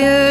fire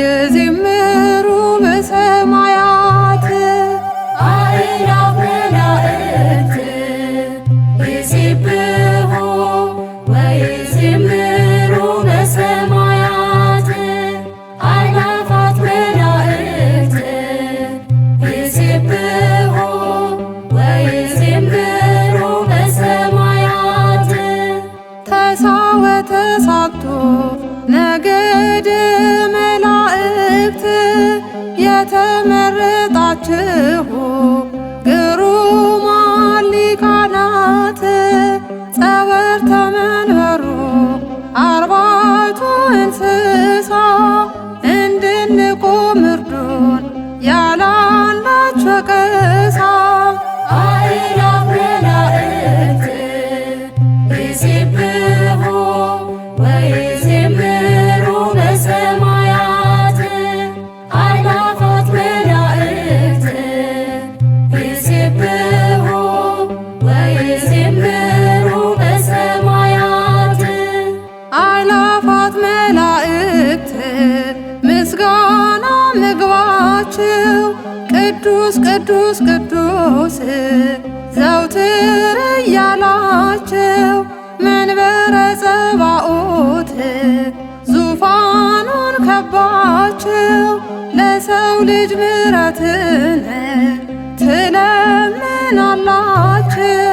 የዝምሩ በሰማያት አእላፍ መላእክት ይሲብሑ ወይዝምሩ በሰማያት አእላፋት መላእክት ይሲብሑ ወይዝምሩ በሰማያት ተሳወ ተሳክቶ ነገድ መላእክት የተመረጣችሁ ይግባችሁ ቅዱስ ቅዱስ ቅዱስ ዘውትር እያላችሁ መንበረ ጸባኦት ዙፋኑን ከባችሁ ለሰው ልጅ ምሕረትን ትለምናላችሁ።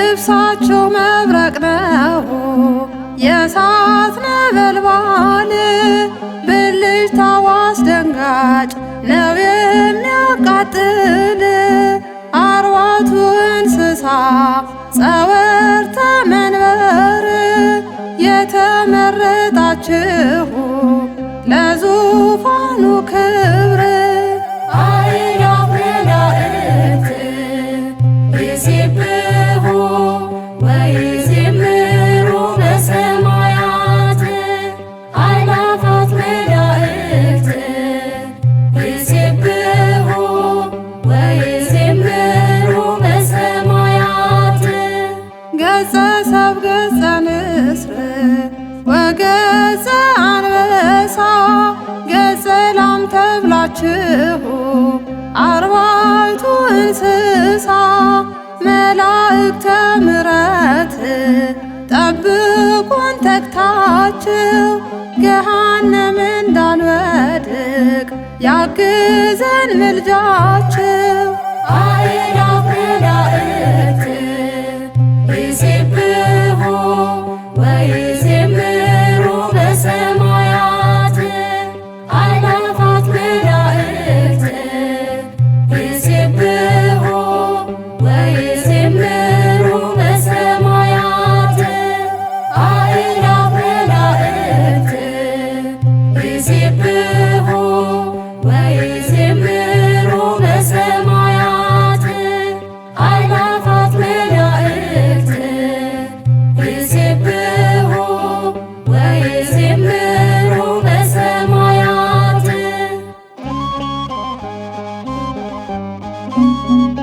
ልብሳቸው መብረቅ ነው የእሳት ነበልባል ብልጭታው አስደንጋጭ ነው የሚያቃጥል አርባቱ እንስሳ ጸወርተ መንበር የተመረጣችሁ ተብላችሁ አርባዕቱ እንስሳ መላእክተ ምሕረት ጠብቁን ተግታችሁ ገሃነም እንዳንወድቅ ያግዘን ምልጃችሁ Thank you.